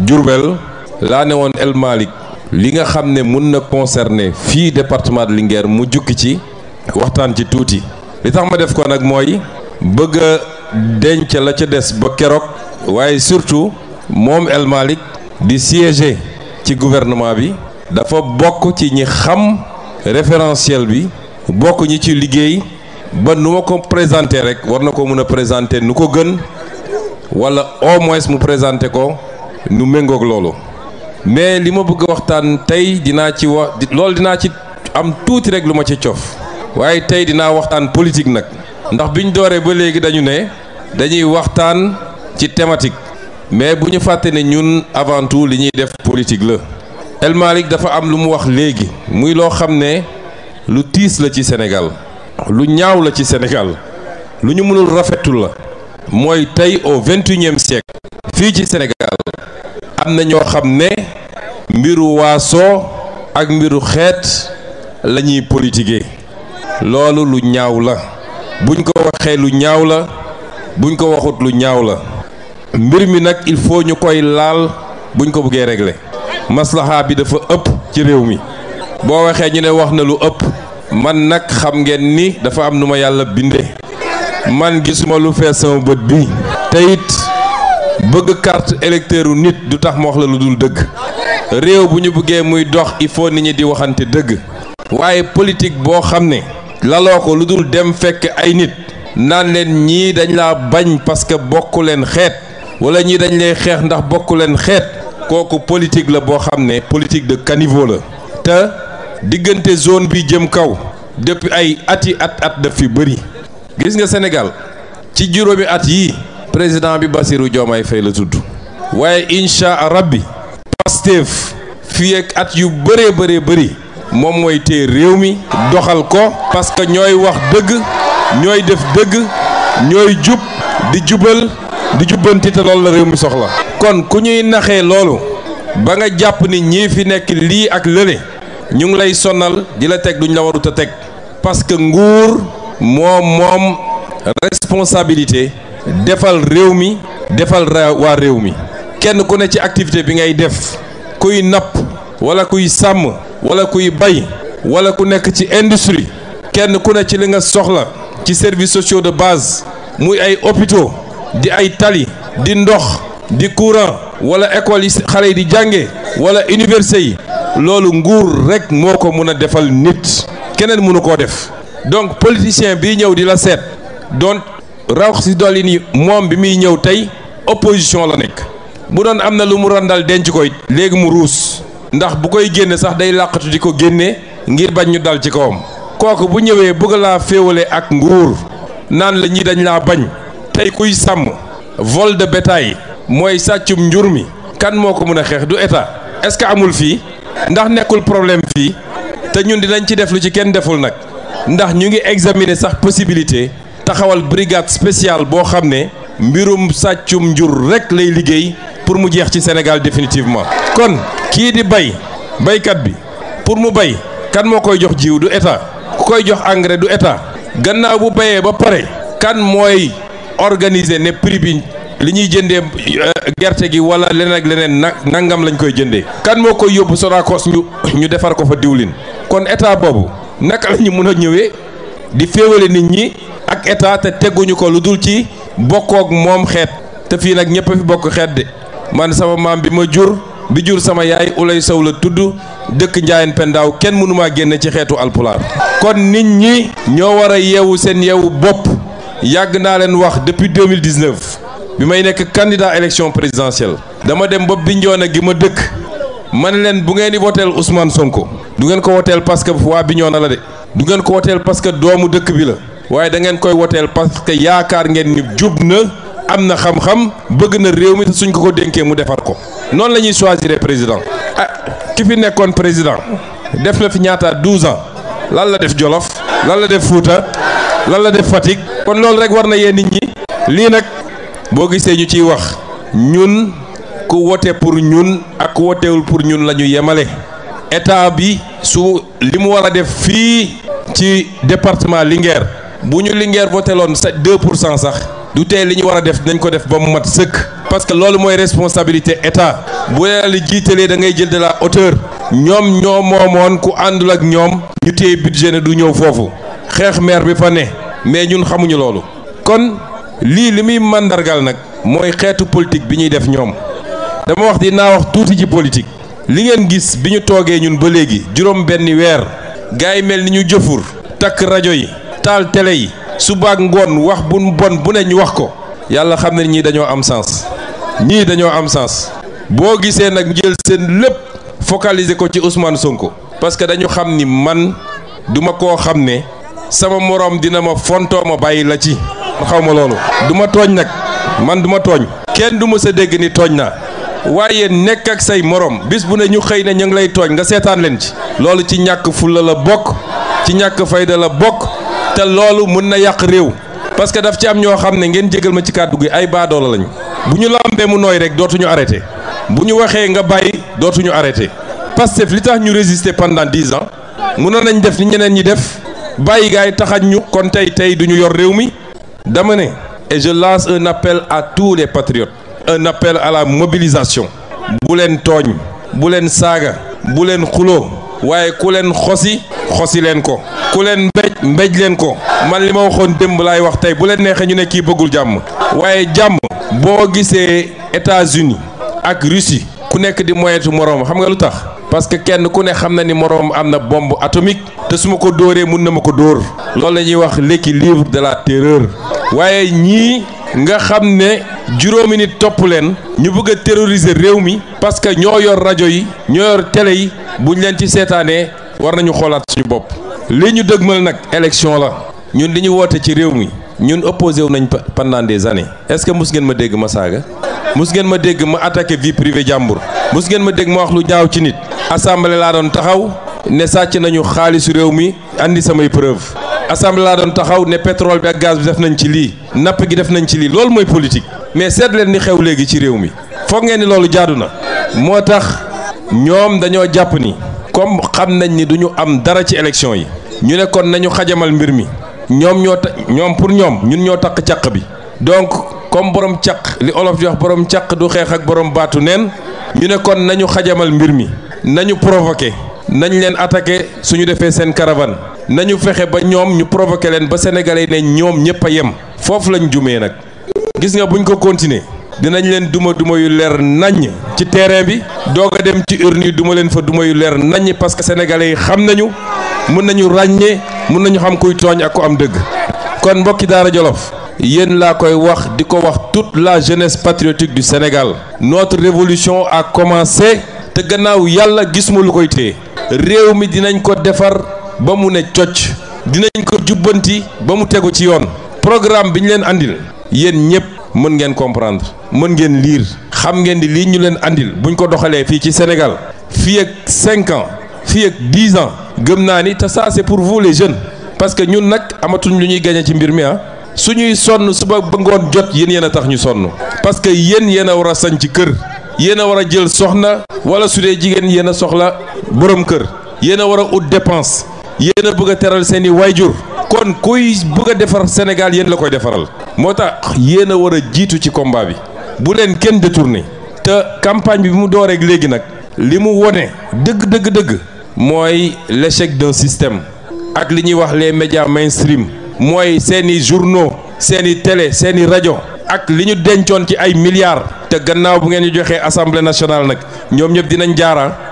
Diourbel laa ne El Malik, li nga xam ne fi concerner département de Linguère mu jukki ci waxtaan ci tuuti li tax ma def ko bëgg des ba keroog waaye surtout mom El Malik, di siéger ci gouvernement bi dafa bokk ci ñi xam référentiel bi bokk ñi ci liggéey ba nu ko présenté rek war na ko mën a wala au moins mu présenter nu méngoog loolu mais li ma bëgg waxtaan tey dinaa ci wax loolu dinaa ci am tuuti rek lu ma ci coof waaye tey dinaa waxtaan politique nag ndax biñ dooree ba léegi dañu ne dañuy waxtaan ci thématique mais bu ñu fàtte ne ñun avant tout li ñuy def politique la El Malick dafa am lu mu wax léegi muy loo xam ne lu tiis la ci Sénégal lu ñaaw la ci Sénégal lu ñu mënul rafetul la mooy tey au vingt-et-unième siècle fii ci Sénégal am na ñoo xam ne mbiru waaso ak mbiru xeet la ñuy politiquer loolu lu ñaaw la buñ ko waxee lu ñaaw la buñ ko waxut lu ñaaw la mbir mi nag il faut ñu koy laal buñ ko bëggee régler maslaha bi dafa ëpp ci réew mi boo waxee ñu ne wax na lu ëpp man nag xam ngeen ni dafa am nu ma yàlla binde man gisuma lu fees sama bët bi te bëgg carte électeur u nit du tax mu wax la lu dul dëgg réew bu ñu bëggee muy dox il faut nit ñi di waxante dëgg waaye politique boo xam ne laloo ko lu dul dem fekk ay nit naan leen ñii dañ la bañ parce que bokku leen xeet wala ñii dañ lay xeex ndax bokku leen xeet kooku politique la boo xam ne politique de caniveau la te diggante zone bi jëm kaw depuis ay ati at at daf fi gis nga Sénégal ci juróomi at yii président bi Bassirou Diomaye Faye la tudd waaye incha rabbi Pastef fii ak at yu bëree bëree bëri moom mooy téye réew mi doxal ko parce que ñooy wax dëgg ñooy def dëgg ñooy jub di jubal di jubbanti te loolu la réew mi soxla kon ku ñuy naxee loolu ba nga jàpp ni ñii fi nekk lii ak lële ñu ngi lay sonal di la teg duñ la warut teg parce que nguur moom moom responsabilité defal réew mi defal waa réew mi kenn ku ne ci activité bi ngay def kuy napp wala kuy sàmm wala kuy bay wala ku nekk ci industrie kenn ku ne ci li nga soxla ci service sociaux de base muy ay hôpitaux di ay tali di ndox di courant wala école yi xale yi di jànge wala université yi loolu nguur rekk moo ko mën a defal nit keneen mënu koo def donc politicien bi ñëw di la seet donc rawax si dolli ni moom bi muy ñëw tey opposition la nekk bu doon am na lu mu randal denc koy léegi mu ruus ndax bu koy génne sax day làqatu di ko génne ngir bañ ñu dal ci kawam kooku bu ñëwee bëgg laa féewale ak nguur naan la ñi dañ laa bañ tey kuy sàmm vol de bétail mooy sàccum njur mi kan moo ko mën a xeex du état est-ce que amul fii ndax nekkul problème fii te ñun di dinañ ci def lu ci kenn deful nag ndax ñu ngi examiner sax possibilité taxawal brigade spéciale boo xam ne mbirum sàccum njur rek lay liggéey pour mu jeex ci Sénégal définitivement. kon kii di bay baykat bi pour mu bay kan moo koy jox jiw du état ku koy jox engrais du état gannaaw bu bayee ba pare kan mooy organiser ne prix bi li ñuy jëndee euh, gerte gi wala leneen ak leneen nangam lañ koy jëndee. kan moo koy yóbbu Sonacos ñu ñu defar ko fa diwlin kon état boobu naka la ñu a ñëwee di féewale nit ñi. ak état te teguñu ko luddul ci bokkook mom xet te fi nak ñepp fi bokk xet de man sama mam bi ma jur bi jur sama yaay ulay saw la tudd dekk njaayen pendaw kenn mënuma genn ci xetu kon nit ñi ño wara yewu sen yewu bop yag na len wax depuis 2019 bi may nek candidat élection présidentielle dama dem bi Bignona gi ma dekk man len bu ngeen ni votel Ousmane Sonko du ngeen ko votel parce que bi Bignona la de du ngeen ko votel parce que doomu dekk bi la waaye da ngeen koy woteel parce que yaakaar ngeen ni jub na am na xam-xam bëgg na réew mi te suñ ko ko dénkee mu defar ko noonu la ñuy choisir président ah ki fi nekkoon président def na fi ñaata 12 ans lan la def Jolof lan la def Fuuta lan la def Fatick kon loolu rek war na yee nit ñi lii nag boo gisee ñu ciy wax ñun ku wote pour ñun ak ku pour ñun la ñu yemale état bi su li mu war a def fii ci département Linguère bu ñu Linguère voté loon 2 pour cent sax du tee li ñu def dinañ ko def ba mu mat sëkk parce que loolu mooy responsabilité état bu la jiitalee da ngay jël de la hauteur ñoom ñoo moomoon ku àndul ak ñoom ñu téye budget ne du ñëw foofu xeex maire bi fa ne mais ñun xamuñu loolu kon li limi màndargal nag mooy xeetu politique bi ñuy def ñoom dama wax dinaa wax tuuti ci politique li ngeen gis bi ñu toogee ñun ba léegi juróom benni weer gars yi ñu jëfur takk rajo yi taal tele yi suba ak ngoon wax bu bon bu ne ñu wax ko yàlla xam ne ñii dañoo am sens ñii dañoo am sens boo gisee nag jël seen lépp focaliser ko ci Ousmane Sonko parce que dañu xam ni man duma koo xam ne sama moroom dina ma fontoo ma bàyyi la ci xaw ma loolu du ma tooñ nag man du ma tooñ kenn du ma sa dégg ni tooñ naa waaye nekk ak say moroom bis bu ne ñu xëy na ñu ngi lay tooñ nga seetaan leen ci loolu ci ñàkk fulla la bokk ci ñàkk fayda la bokk parce que daf ci am ñoo xam ne ngeen jégal ma ci kàddu gi ay mu rek arrêté arrêté Pastef ñu résister pendant dix ans mënoon nañ def ni ñeneen ñi def bàyyi gaay taxañ ñu kon et je lance un appel à tous les patriotes un appel à la mobilisation bu leen tooñ bu leen saaga bu leen xosi leen ko ku leen mbéj mbéj leen ko man li ma waxoon démb laay wax tey bu leen neexee ñu ne kii bëggul jàmm waaye jàmm boo gisee États-Unis ak Russie ku nekk di moyetu moroom xam nga lu tax parce que kenn ku ne xam na ni moroom am na bombe atomique te su ma ko dóoree mun na ma ko dóor lool la ñuy wax l'équilibre de la terreur waaye ñii nga xam ne juróomi nit topp leen ñu bëgg a réew mi parce ñoo yor rajo yi ñoo yor télé yi buñ leen ci seetaanee war nañu xoolaat suñu bopp li ñu dëgmal nag élection la ñun li ñu woote ci réew mi ñun opposé wu nañ pendant des années est-ce que mus ngeen ma dégg ma saaga mus ngeen ma dégg ma attaqué vie privée jàmbur mus ngeen ma dégg ma wax lu ñaaw ci nit assemblée laa doon taxaw ne sàcc nañu xaalisu réew mi àndi samay preuve assemblée laa doon taxaw ne pétrole bi ak gaz bi def nañ ci lii napp gi def nañ ci lii loolu mooy politique mais seet leen ni xew léegi ci réew mi foog ngeen ni loolu jaadu na moo tax ñoom dañoo jàpp ni comme xam nañ ni duñu am dara ci élection yi ñu ne kon nañu xajamal mbir mi ñoom ñoo ta ñoom pour ñoom ñun ñoo takk càq bi donc comme borom caq li olof di borom caq du xeex ak borom baatu neen ñu ne kon nañu xajamal mbir mi nañu provoqué nañ leen attaqué suñu defee seen caravane nañu fexe ba ñoom ñu provoqué leen ba sénégalais ne ñoom ñëpp a yem foofu lañ jumee nag gis nga buñ ko continuer dinañ leen duma duma yu leer naññ ci terrain bi doga dem ci urne duma leen fa duma yu leer naññ parce que sénégalais yi xam nañu mën nañu ragné mën nañu xam kuy togn ak ko am deug kon mbokki dara jolof yéen la koy wax diko wax toute la jeunesse patriotique du Sénégal notre révolution a commencé te gannaaw yalla gis mu lu koy té réew mi dinañ ko defar ba mu ne cocc dinañ ko jubbanti ba mu ci yoon programme biñ leen andil mën ngeen comprendre mën ngeen lire xam ngeen ni lii ñu leen andil buñ ko doxalee fii ci Sénégal fii ak 5 ans fii ak 10 ans gëm naa ni ça pour vous les jeunes parce que ñun amatuñ ci mbir mi ah. suba ba jot yéen yéen tax ñu sonn parce que yéen yéen a sañ ci kër wala su dee jigéen yéen soxla borom kër yéen a war dépense kon kuy bëgg a defar Sénégal yéen la koy defaral moo tax yéen a war a jiitu ci combat bi bu leen kenn détourné te campagne bi mu door rek léegi nag li mu wone dëgg dëgg dëgg mooy l'échec d'un système ak li ñuy wax les médias mainstream mooy seeni journaux seeni télé seeni rajo ak li ñu dencoon ci ay milliards te gannaaw bu ngeen ñu joxee assemblée nationale nag ñoom ñëpp dinañ jaara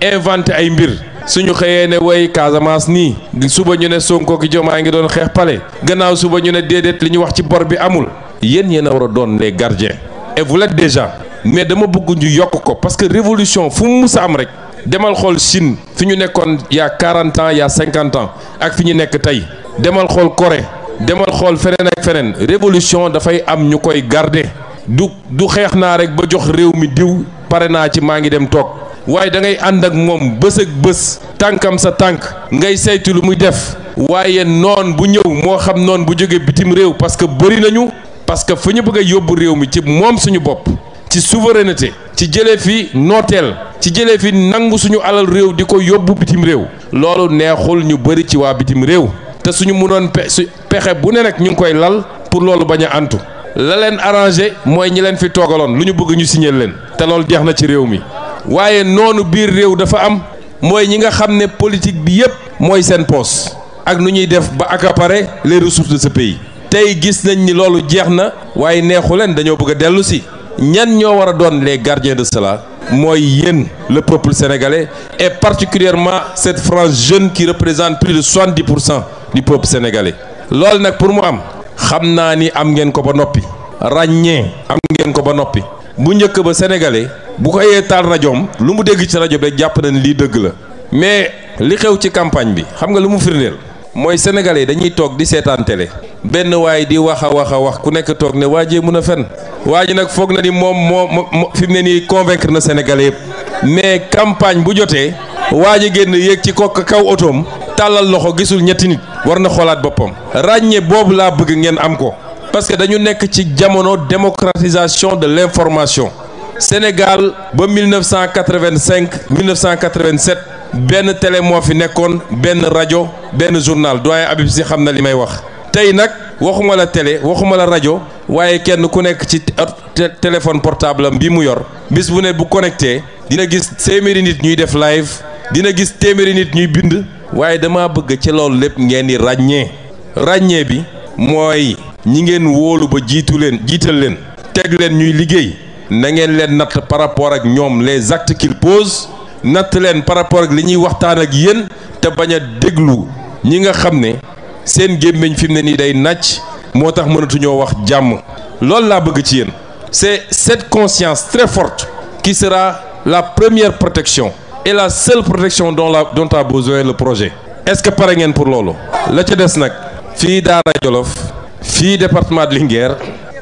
inventé ay mbir suñu xëyee ne way Casamance nii suba ñu ne Sonko ki Diomaye ngi doon xeex pale gannaaw suba ñu ne déedéet li ñu wax ci bor bi amul yéen yéen a war a doon les gardiens et déjà mais dama bëgg ñu yokk ko parce que révolution fu mu sa am rek demal xool Chine fi ñu nekkoon yaa a 40 ans y a ak fi ñu nekk tey demal xool Corée demal xool feneen ak feneen révolution dafay am ñu koy garder du du xeex naa rek ba jox réew mi diw pare naa ci maa ngi dem toog waaye da ànd ak moom bés ak bés tànkam sa tànk ngay saytu lu muy def waaye noon bu ñëw moo xam noon bu jóge bitim réew parce que bëri nañu parce que fu ñu bëggee yóbbu réew mi ci moom suñu bopp ci souveraineté ci jëlee fi nooteel ci jëlee fi nangu suñu alal réew di ko yóbbu bitim réew loolu neexul ñu bëri ci waa bitim réew te suñu mënoon pe su pexe bu ne nag ñu ngi koy lal pour loolu bañ a antu la leen arrangé mooy ñi leen fi toogaloon lu ñu bëgg ñu signé leen te loolu jeex na ci réew mi. waye nonu dafa am ñi nga politique bi yépp moy sen poste ak nu ñuy def ba accaparer les ressources de ce pays gis nañ ni lolu nous waye neexu bëgg ñan ño les gardiens de cela moy le peuple sénégalais et particulièrement cette France jeune qui représente plus de 70 du peuple sénégalais nak pour mu am nous ni am ngeen ko ba nopi ragné am ngeen ko ba sénégalais bu ko yee taal rajoom lu mu dégg ci rajo bi rek jàpp na ne lii dëgg la mais li xew ci campagne bi xam nga lu mu firndeel mooy sénégalais dañuy toog di seetaan télé benn waay di wax a wax wax ku nekk toog ne waa jee mën a fen waa nag foog na ni moom moo fi mu ne nii convaincre na sénégalais yëpp mais campagne bu jotee waa ji génn yéeg ci kokk kaw otoom tàllal loxo gisul ñetti nit war na xoolaat boppam ràññee boobu laa bëgg ngeen am ko parce que dañu nekk ci jamono démocratisation de l'information Sénégal ba 1985 1987 benn télé moo fi nekkoon benn rajo benn journal doyen Habib Sy xam na li may wax tey nag waxuma la télé waxuma la rajo waaye kenn ku nekk ci téléphone portable bi mu yor bis bu ne bu connecté dina gis téeméeri nit ñuy def live dina gis téeméeri nit ñuy bind waaye dama bëgg ci loolu lépp ngeen di ràññee ràññee bi mooy ñi ngeen wóolu ba jiitu leen jiital leen teg leen ñuy liggéey na ngeen leen par rapport ak ñom les actes qu'il pose nat len par rapport ak li ñi waxtaan ak yeen te baña deglu ñi nga xam seen gemmeñ fi ni day nàcc motax tax mënatuñoo wax jamm lool la bëgg ci yeen c'est cette conscience très forte qui sera la première protection et la seule protection dont la dont a besoin le projet est-ce que par ngeen pour loolu la ci des nak fi Dara Djolof fi département de Linguère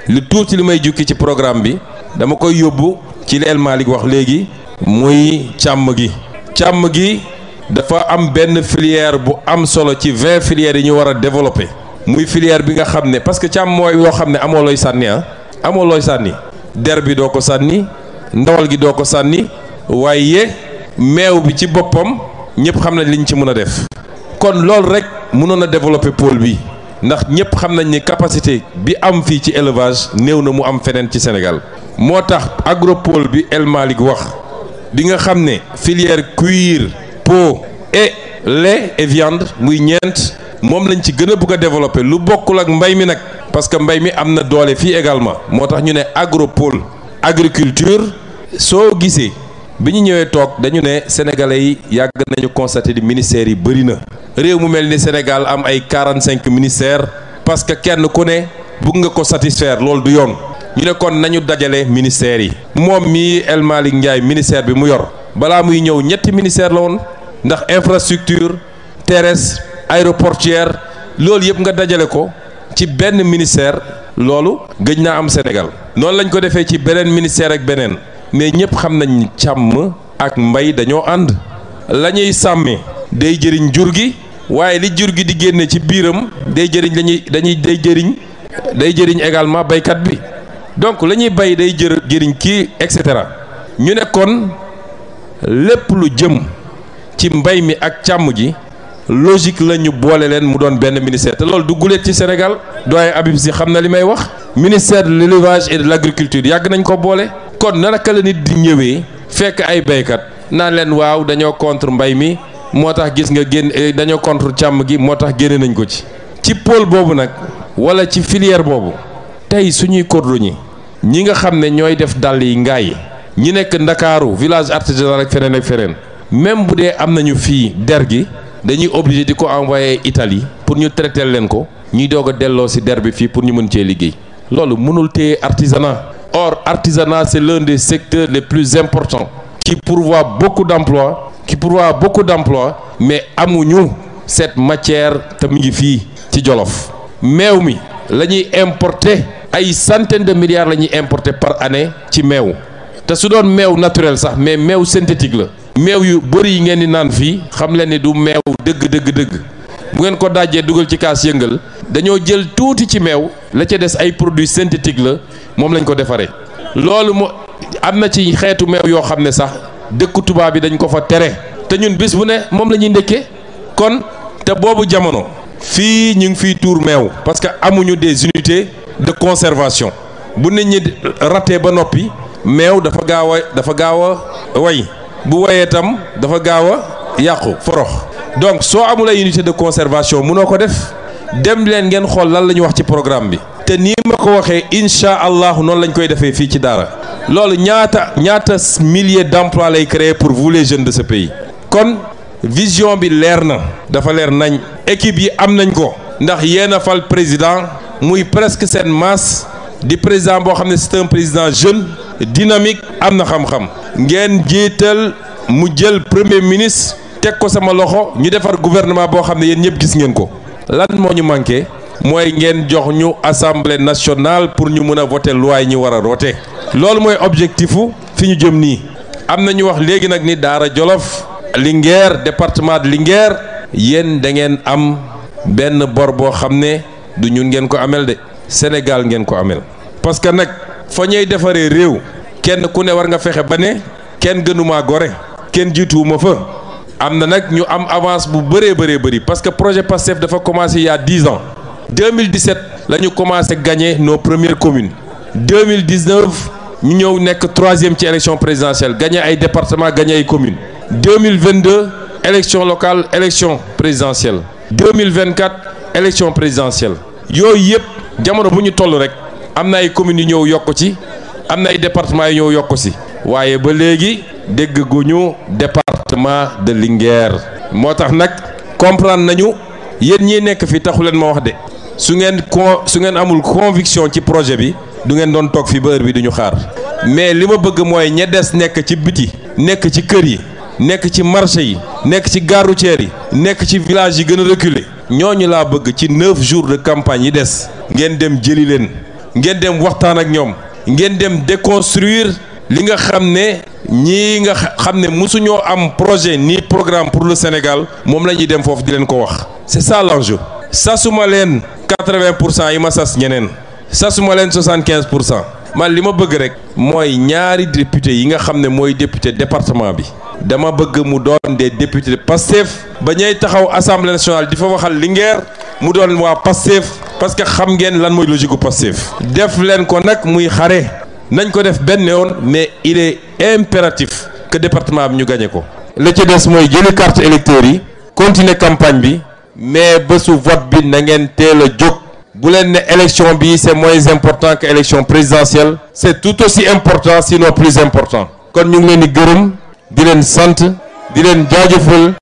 le tout li may jukki ci programme bi dama koy yóbbu ci li malik wax léegi muy cham gi cham gi dafa am ben filière bu am solo ci 20 filières yi ñu développer muy filière bi nga xamné parce que cham moy loo xamné ne amoo sanni sànni ah amoo sanni, sànni der ko sànni ndawal gi doo ko sànni waaye meew bi ci boppam ñep xamna liñ ci mëna def kon lool rek mënoon développer pôle bi ndax ñep xamnañ ni capacité bi am fi ci élevage néew na mu am fenen ci Sénégal motax agropole bi El malik wax di nga filière cuir peau et lait et viande muy ñent mom lañ ci gëna bëgg développer lu mbay mi parce que mbay mi amna également ñu agriculture So gisee biñu ñëwé tok dañu né sénégalais yi nañu constater di ministères yi mu Sénégal am ay ministères parce que kenn ku ne bëgg nga ko satisfaire ñu ne kon nañu dajale ministères yi moom mii El Malick Ndiaye ministère bi mu yor balaa muy ñëw ñetti ministère la woon ndax infrastructure teres aéroportuaire loolu yëpp nga dajale ko ci benn ministère loolu gëj naa am Sénégal noonu lañ ko defee ci beneen ministère ak beneen mais ñëpp xam nañ càmm ak mbay dañoo ànd la ñuy sàmmee day jëriñ jur gi waaye li jur gi di génne ci biiram day jëriñ lañuy dañuy day jëriñ day jëriñ également baykat bi donc la ñuy bay day jër jëriñ kii et cetera ñu ne kon lépp lu jëm ci mbay mi ak càmm ji logique la ñu boole leen mu doon benn ministère te loolu du guléet ci Sénégal doyen Habib Sy xam na li may wax ministère de l'élevage et de l'agriculture yàgg nañ ko boole kon naka la nit di ñëwee fekk ay baykat naa leen waaw dañoo contre mbay mi moo tax gis nga génn eh, dañoo contre càmm gi moo tax génne nañ ko ci ci pôle boobu nag wala ci filière boobu tey suñuy cordonnier ñi nga xam ñoy def dal yi ngaay ñi nek ndakaaru village artisanal ak fenen ak fenen même boudé amnañu am dergi fi dañuy obligé diko envoyer Italie pour ñu traiter leen ko ñuy doga dello ci derbi fi pour ñu mën ci liggéey lolu mënul artisanat or artisanat c'est l'un des secteurs les plus importants qui pourvoit beaucoup d'emplois qui pourvoit beaucoup d'emplois mais amuñu cette matière te mu ngi ci Jolof mewmi lañuy importer ay centaine de milliards la ñuy importer par année ci meew te su doon meew naturel sax mais meew synthétique la meew yu bëri yi ngeen di naan fii xam leen ni du meew dëgg dëgg dëgg bu ngeen ko dajjee dugal ci kaas yëngal dañoo jël tuuti ci meew la ca des ay produits synthétiques la moom lañ ko defaree loolu mo am na ci xeetu meew yoo xam ne sax dëkku tubaab bi dañ ko fa tere te ñun bis bu ne moom la ñuy ndekkee kon te boobu jamono fii ñu ngi fiy tuur meew parce que amuñu des unités de conservation bu nit banopi, raté ba noppi meew dafa gaaw a dafa gaaw a way bu wayee tam dafa gaaw a forox donc soo amul ay unité de conservation mënoo ko def dem leen ngeen xool lan la wax ci programme bi te nii ma ko waxee incha lañ koy defee fii ci ñaata ñaata milliers d'emplois lay créer pour vous les jeunes de ce pays kon vision bi leer na dafa leer nañ équipe yi am nañ ko ndax a fal président muy presque seen masse di président boo xam ne c'est un président jeune dynamique am na xam-xam ngeen jiital mu jël premier ministre teg ko sama loxo ñu defar gouvernement boo xam ne yéen ñëpp gis ngeen ko lan moo ñu manqué mooy ngeen jox ñu assemblée nationale pour ñu mën a voter loi yi ñu war a voter loolu mooy objectifu fi ñu jëm nii am na ñu wax léegi nag ni Daara Jolof Linguère département de Linguère yéen da ngeen am benn bor boo xam ne du ñun ngeen ko amel de Sénégal ngeen ko amel parce que nak fa ñuy defaree réew kenn ku ne war nga fexé ba ne kenn nous. kenn fa am nak ñu am avance bu béré béré bëri parce que projet PASSEF dafa commencé il y a 10 ans 2017 nous avons commencé gagner nos premières communes 2019 ñu ñëw 3 troisième élection présidentielle gagner ay départements gagner ay communes 2022 élection locale élection présidentielle 2024 élection présidentielle yooyu yëpp jamono bu ñu toll rek am na ay communes yu ñëw yokku ci am na ay départements yu ñëw yokk ci waaye ba léegi dégg guñu département de Linguère moo tax nag comprendre nañu yéen ñi nekk fi taxu leen ma wax de su ngeen con su ngeen amul conviction ci projet bi du ngeen doon toog fi ba bi duñu xaar mais li ma bëgg mooy ña nekk ci biti nekk ci kër yi nekk ci marché yi nekk ci gare routière yi nekk ci village yi gën a reculé nous laa bëgg jours de campagne yi des ngeen dem jëli leen ngeen dem waxtaan ak Nous ngeen dem déconstruire li nga xam ne nga am projet ni programme pour le Sénégal moom la ñuy dem foofu di leen c'est ça l'enjeu Ça, leen ma man li ma bëgg rek moy ñaari député yi nga xamné moy député département bi dama bëgg mu doon des députés de Pastef ba ñay taxaw assemblée nationale difa fa waxal Linguère mu doon wa Pastef parce que xam ngeen lan moy logique gu Pastef def len ko nak muy xaré nañ ko def benn yoon mais il est impératif que département bi ñu gagné ko. la ci dess moy jëli carte électeur yi continuer campagne bi mais bésu vote bi na ngeen teel a Boule leen ne élection bi c'est moins important que élection présidentielle c'est tout aussi important sinon plus important kon ñu ngi leen di gërëm di leen sant di